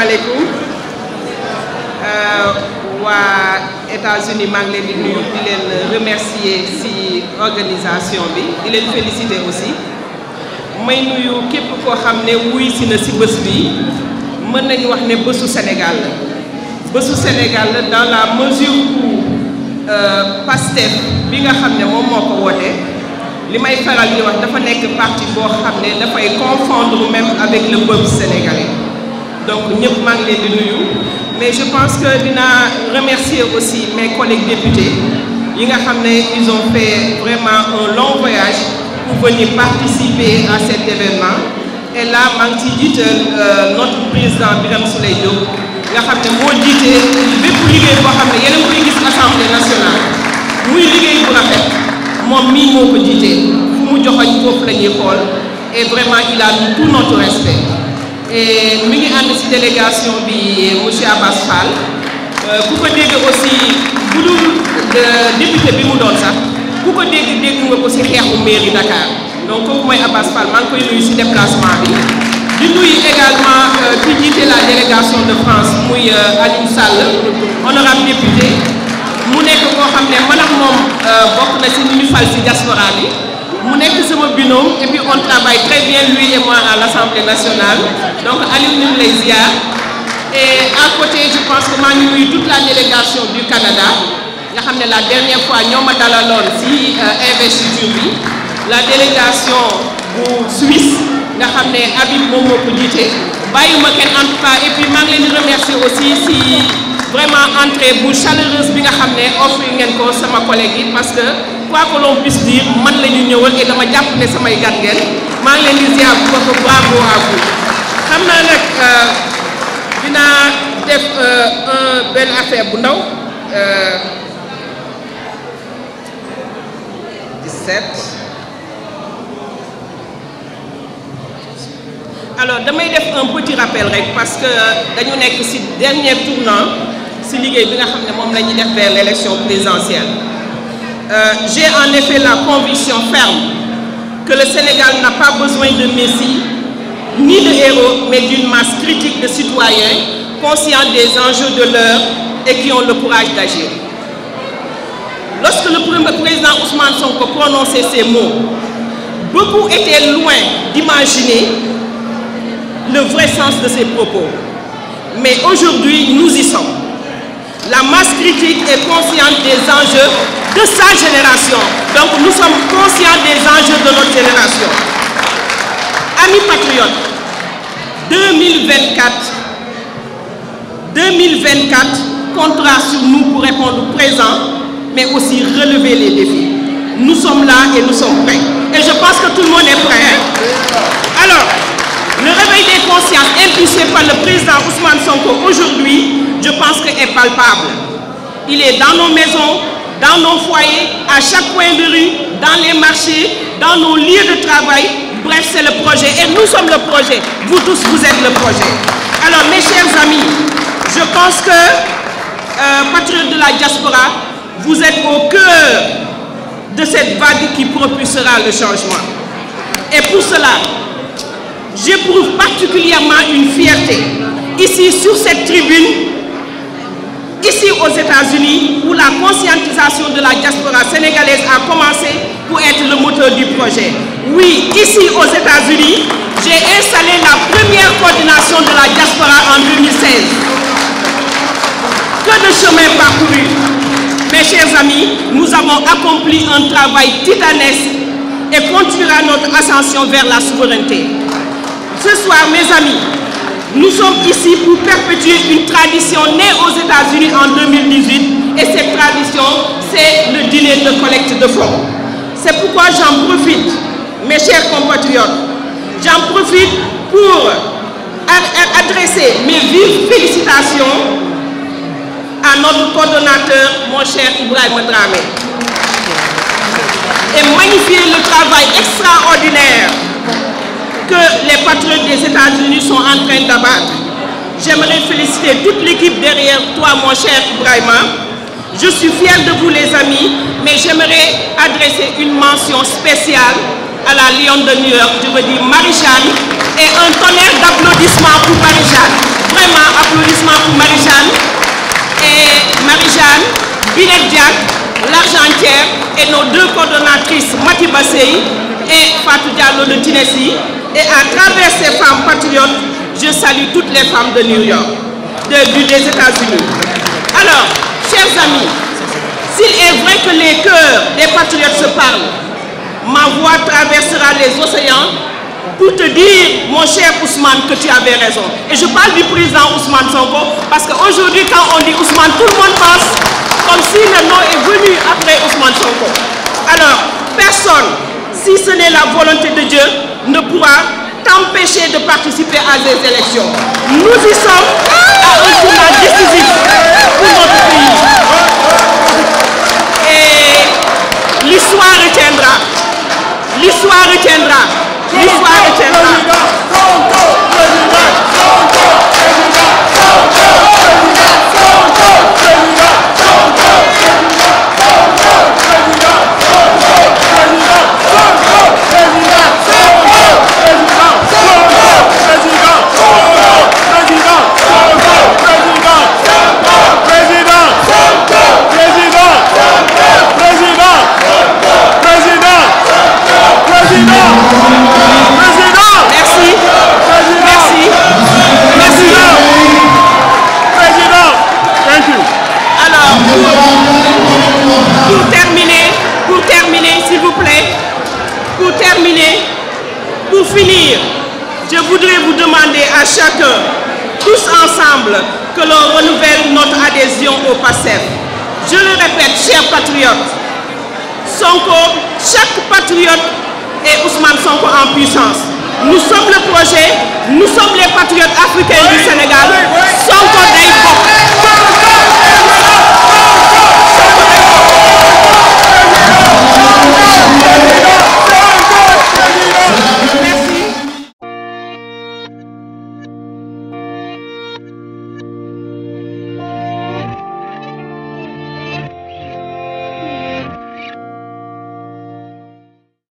asalaamaaleykum waa États-Unis maa ngi leen di di leen remercier ci organisation bi di leen féliciter aussi may nuyu képp koo xam ne wuy si na ci bés bi mën nañu wax ne bésu Sénégal la bésu Sénégal la dans la mesure où euh, Pastef bi nga xam ne moom moo ko woote li may faral di wax dafa nekk parti boo xam ne dafay confondre même avec le peuple sénégalais. donc ñëpp maa ngi leen di nuyu mais je pense que dinaa remercier aussi mes collègues députés yi nga xam ne ils ont fait vraiment un long voyage pour venir participer à cet événement et là maa ngi ciy jiital euh, notre président Birame Souleye Diop nga xam ne moo jiite bépp liggéey boo xam ne yéen a ngi koy gis assemblée nationale muy liggéey bu moom mii moo ko jiite fu mu joxoñ foofu la xool et vraiment il a tout notre respect mi ngi ànd ci délégation bi monsieur Abbas Fall euh, ku ko dégg aussi bu dul euh, député bi mu doon sax ku ko dégg dégg nga ko ci xeexu mairie Dakar donc kooku mooy Abbas Fall maa ngi koy nuyu ci déplacement bi di nuyu également euh, ki jiite la délégation de France muy Aliou Sall honorable député mu nekk koo xam ne man moom bokk na ci ñu ñu fal ci diaspora bi mu nekk sama binôme et puis on travaille très bien lui et moi à l'Assemblée nationale donc Aliou ñu ngi et à côté je pense que maa ngi nuyu toute la délégation du Canada nga xam ne la dernière fois ñoo ma dalaloon si euh, investiture bi la délégation bu Suisse nga xam ne Habib moom moo ko jiite bàyyiwuma kenn en tout cas et maa ngi leen remercier aussi si vraiment entrée bu chaleureuse bi nga xam ne offre ngeen ko sama collègue yi parce quoi que l'on puisse man la ñu ñëwal et dama jàpp ne samay gan maa ngi leen di ziar bu baax a baax xam naa nag euh, dinaa def euh, un benn affaire bu ndaw 17. Euh, damay def un petit rappel rek parce que dañu nekk ci dernier tournant ci liggéey bi nga xam ne moom la ñuy def vers l'élection présidentielle Euh, j'ai en effet la conviction ferme que le Sénégal n'a pas besoin de messie, ni de héros, mais d'une masse critique de citoyens conscients des enjeux de l'heure et qui ont le courage d'agir. Lorsque le président Ousmane Sonko prononçait ces mots, beaucoup étaient loin d'imaginer le vrai sens de ses propos. Mais aujourd'hui, nous y sommes. La masse critique est consciente des enjeux de Donc nous sommes conscients des enjeux de notre génération. Amis patriotes, 2024, 2024 comptera sur aussi relever les défis. Nous sommes là que tout à Ousmane Sonko aujourd'hui, je pense qu'elle est palpable. Il dans nos maisons, dans nos foyers, à chaque coin de rue, dans les marchés, dans nos lieux de travail. Bref, c'est le projet et nous sommes le projet. Vous tous, vous êtes le projet. Alors, mes chers amis, je pense que, euh, patriotes de la diaspora, vous êtes au cœur de cette vague qui propulsera le changement. Et pour cela, j'éprouve particulièrement une fierté ici sur cette tribune, ici aux États-Unis, où la conscientisation de la diaspora sénégalaise a commencé pour être le moteur du projet. Oui, ici aux États-Unis, j'ai installé la première coordination de la diaspora en Que de chemin parcouru. Mes chers amis, nous avons accompli un travail titanesque et continuera notre ascension vers la souveraineté. Ce soir, mes amis, Nous sommes ici pour perpétuer une tradition née aux États-Unis en et cette tradition, c'est le dîner de collecte de fonds. C'est pourquoi j'en profite, mes chers compatriotes, j'en profite pour adresser mes vives félicitations à notre coordonnateur, mon cher Ibrahim Dramé, et magnifier le travail extraordinaire que les patriotes des États-Unis sont en train d'abattre. J'aimerais féliciter toute l'équipe derrière toi, mon cher Ibrahima. Je suis fière de vous, les amis, mais j'aimerais adresser une mention spéciale à la Lyon de New York, je veux dire Marie-Jeanne, et un tonnerre d'applaudissements pour Marie-Jeanne. Et Marie-Jeanne, Binet l'Argentière, et nos deux coordonnatrices, Mati Bassey et Fatou Diallo de Et à travers ces femmes patriotes, je salue toutes les femmes de New York, de, du, des États-Unis. Alors, chers amis, s'il est vrai que les cœurs des patriotes se parlent, ma voix traversera les océans pour te dire, mon cher Ousmane, que tu avais raison. Et je parle du président Ousmane Sonko, parce qu'aujourd'hui, quand on dit Ousmane, tout le monde pense comme si le nom est venu après Ousmane Sonko. Alors, personne, si ce n'est la volonté de Dieu, ne pourra t'empêcher de participer à ces élections. Nous y sommes. je voudrais vous demander à chacun, tous ensemble, que l'on renouvelle notre adhésion au PASTEF. Je le répète, chers patriotes, Sonko, chaque patriote est Ousmane Sonko en puissance. Nous sommes le projet, nous sommes les patriotes africains du Sénégal. Sonko